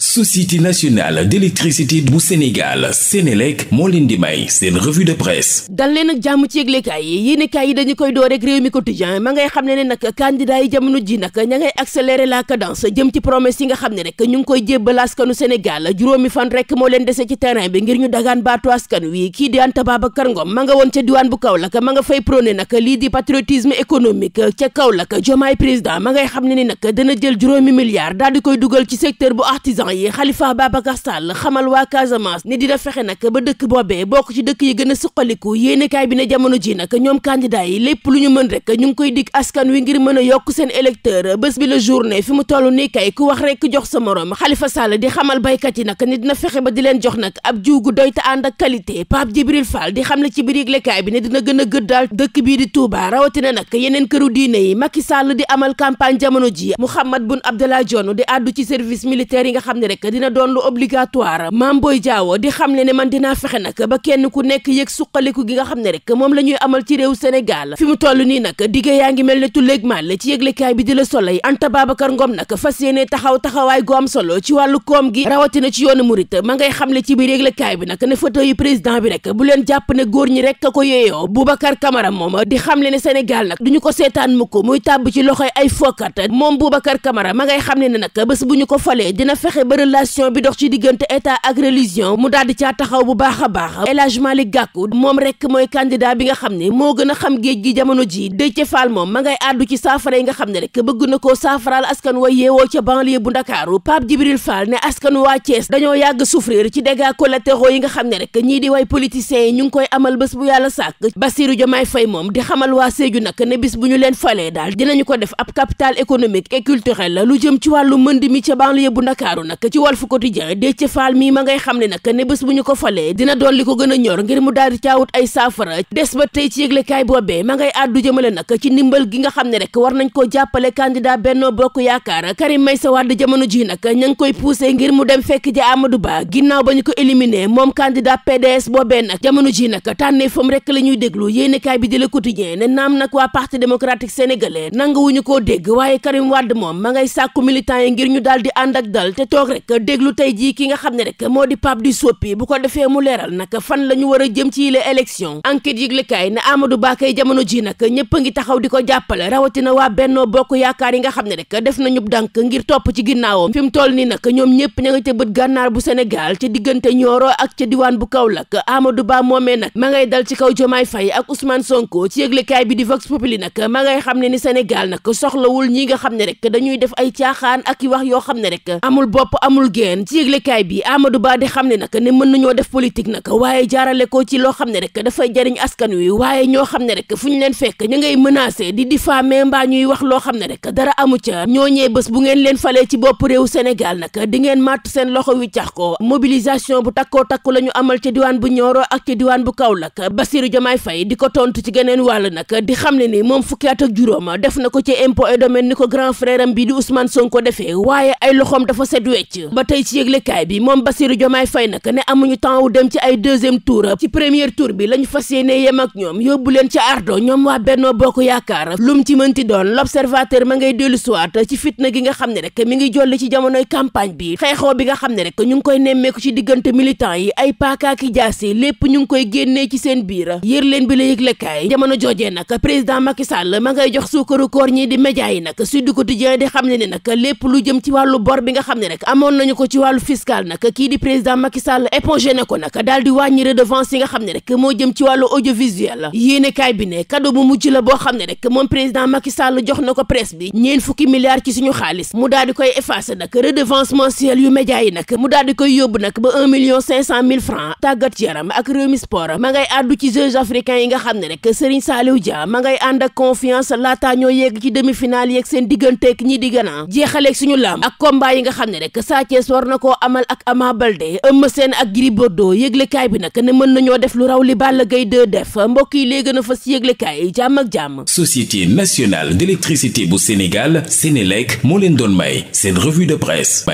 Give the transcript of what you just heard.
société nationale d'électricité bu Sénégal Sénélec moo leen di may seen revue de presse dal leen ak jàmm ci yëglekaay yi yéenekaay yi dañu koy door rek réew mi quotidien ma ngay xam ne ne nag candidat yi jamono ji nag ña ngay accélérer la cadence jëm ci promesse yi nga xam ne rek ñu ngi koy jébbal askanu Sénégal juróomi fan rek moo leen dese ci terrain bi ngir ñu dagaan baatu askan wi kii di Anta Babacar Ngom ma nga woon ca diwaan bu Kaolack ma nga fay prôné nag lii di patriotisme économique ca Kaolack Diomaye ma ngay xam ne ni nag dana jël juróomi milliards daal di koy dugal ci secteur bu artisan jamono yi Khalifa Ababacar Sall xamal waa Casamance ne dina fexe nag ba dëkk boobee bokk ci dëkk yi gën a suqaliku yéenekaay bi ne jamono ji nag ñoom candidat yi lépp lu ñu mën rek ñu ngi koy dig askan wi ngir mën a yokk seen électeur bés bi la journée fi mu toll nii kay ku wax rek jox sa morom Khalifa Sall di xamal baykat yi nag ne dina fexe ba di leen jox nag ab jiw gu ànd ak qualité Pape Djibril Fall di xam ne ci biir yëglekaay bi ne dina gën a gëddal ne rek dina doon lu obligatoire maam booy jaawo di xam le ne man dinaa fexe nag ba kenn ku nekk yëg suqaliku gi nga xam ne rek moom la ñuy amal ci réew Sénégal fi mu toll nii nag digge yaa ngi mel ne tulleeg màlle ci yëglekaay bi di la Soleil Anta Babacar Ngom nag fas yéene taxaw taxawaay gu am solo ci wàllu koom gi rawatina ci yoonu murit ma ngay xam ne ci biir yëglekaay bi nag ne fauteuil yu président bi rek bu leen jàpp ne góor ñi rek a ko yeyoo Boubacar Camara moom di xam le ne Sénégal nag duñu ko seetaan mukk muy tàbb ci loxoy ay fokkat moom Boubacar Camara ma xam fexe ba relation bi dox ci diggante état ak religion mu daal di caa taxaw bu baax a baax El Hadj Malick Gakou moom rek mooy candidat bi nga xam ne moo gën a xam géej gi jamono ji Déthié Fall moom ma ngay àddu ci saafara yi nga xam ne rek bëgg na koo saafaraal askan wa yeewoo ca banlieue bu Ndakaaru Pape Djibril Fall ne askan waa Thiès dañoo yàgg souffrir ci dégâts collatéraux yi nga xam ne rek ñii di way politiciens yi ñu ngi koy amal bés bu yàlla sàkk Bassirou Diomaye Faye moom di xamal waa Sédhiou nag ne bis bu ñu leen falee daal dinañu ko def ab capital économique et culturel lu jëm ci wàllu mënd mi ca banlieue bu Ndakaaru nag ci Walf Quotidien Déthié Fall mii ma ngay xam ne nag ne bés bu ñu ko falee dina doon li ko gën a ñor ngir mu daal di caawut ay saafara des ba tey ci yëglekaay boobee ma ngay àddu jëmale nag ci ndimbal gi nga xam ne rek war nañ koo jàppale candidat Benno Bokk Yaakaar Karim sa Wade jamono ji nag ña ngi koy poussé ngir mu dem fekk ji Amadou Ba ginnaaw ba ñu ko éliminé moom candidat PDS boobee nag jamono ji nag tànneefam rek la ñuy déglu yéenekaay bi di Le Quotidien ne naam nag waa Parti démocratique sénégalais nanguwuñu koo dégg waaye Karim Wade moom ma ngay sàkku militants yi ngir ñu daal di ànd toog rek déglu tey jii ki nga xam ne rek moo di Pape du Soppi bu ko defee mu leeral nag fan la ñu war a jëm ci yile élection enquête yëglekaay ne Amadou Ba jamono ji nag ñëpp ngi taxaw di ko jàppale rawatina waa Bennoo Bokk Yaakaar yi nga xam ne rek def nañu dànk ngir topp ci ginnaawam fi mu toll nii nag ñoom ñëpp ña nga ca bët gànnaar bu Sénégal ca diggante Nioro ak ca diwaan bu Kaolack Amadou Ba moomee nag ma ngay dal ci kaw Diomaye Faye ak Ousmane Sonko ci yëglekaay bi di Vox Populi nag ma ngay xam ne ni Sénégal nag soxlawul ñi nga xam ne rek dañuy def ay caaxaan ak i wax yoo xam ne rek amul bopp nopp amul geen ci yëglekaay bi Amadou Ba di xam ne nag ne mën nañoo def politique nag waaye jaarale ko ci loo xam ne rek dafay jariñ askan wi waaye ñoo xam ne rek fu ñu leen fekk ñu ngay menacé di diffamé mbaa ñuy wax loo xam ne rek dara amu ca ñooñee bés bu ngeen leen falee ci bopp réew Sénégal nag di ngeen màtt seen loxo wi cax ko mobilisation bu takkoo takk la ñu amal ci diwaan bu Nioro ak ci diwaan bu kaw Kaolack Bassirou Diomaye fay di ko tontu ci geneen wàll nag di xam ne ni moom fukki at ak juróom def na ko ci impôt et domaine ni ko grand frère am bi di Ousmane Sonko defee waaye wecc ba tey ci yëglekaay bi moom Bassirou Diomaye Faye nag ne ma ngay dellu siwaat ci fitna gi nga xam ne rek mi ngi jolli ci jamonoy campagne bi xeexoo bi nga xam ne rek ñu ngi koy nemmeeku ci diggante militant yi ay paakaaki jaasi lépp ñu ngi koy génnee ci seen biir yër bi la yëglekaay jamono joojee nag président Macky ma ngay jox suukaru koor ñi di média yi nag Sud Quotidien di xam ne ne nag lépp lu jëm ci wàllu bor bi nga xam ne rek amoon nañu ko ci wàllu fiscal nag kii di président Macky Sall épongé na ko nag daal di wàññi redevance yi nga xam ne rek moo jëm ci wàllu audiovisuel yéenekaay bi ne cadeau bu mujj la boo xam ne rek moom président Macky Sall jox na ko presse bi ñeen fukki milliards ci suñu xaalis mu daal di koy effacer nag redevance mensuelle yu média yi nag mu daal di koy yóbbu nag ba million cinq cent mille francs tàggat yaram ak Rewmi Sport ma ngay àddu ci Jeux africains yi nga xam ne rek Serigne Saliou Dia ma ngay ànd ak confiance laataa ñoo yegg ci demi-finale yeeg seen digganteeg ñi di Ghana jeexaleeg suñu lamb ak combat yi nga xam ne rek nag Sa Thiès war na koo amal ak Ama Baldé Eumeu Sène ak Gris Bordeaux yëglekaay bi nag ne mën nañoo def lu raw li Balla gay 2 def mbokk yi léegi na fa si yëglekaay jàmm ak jàmm. Société nationale d'électricité bu Sénégal Sénélec moo leen doon may seen revue de presse.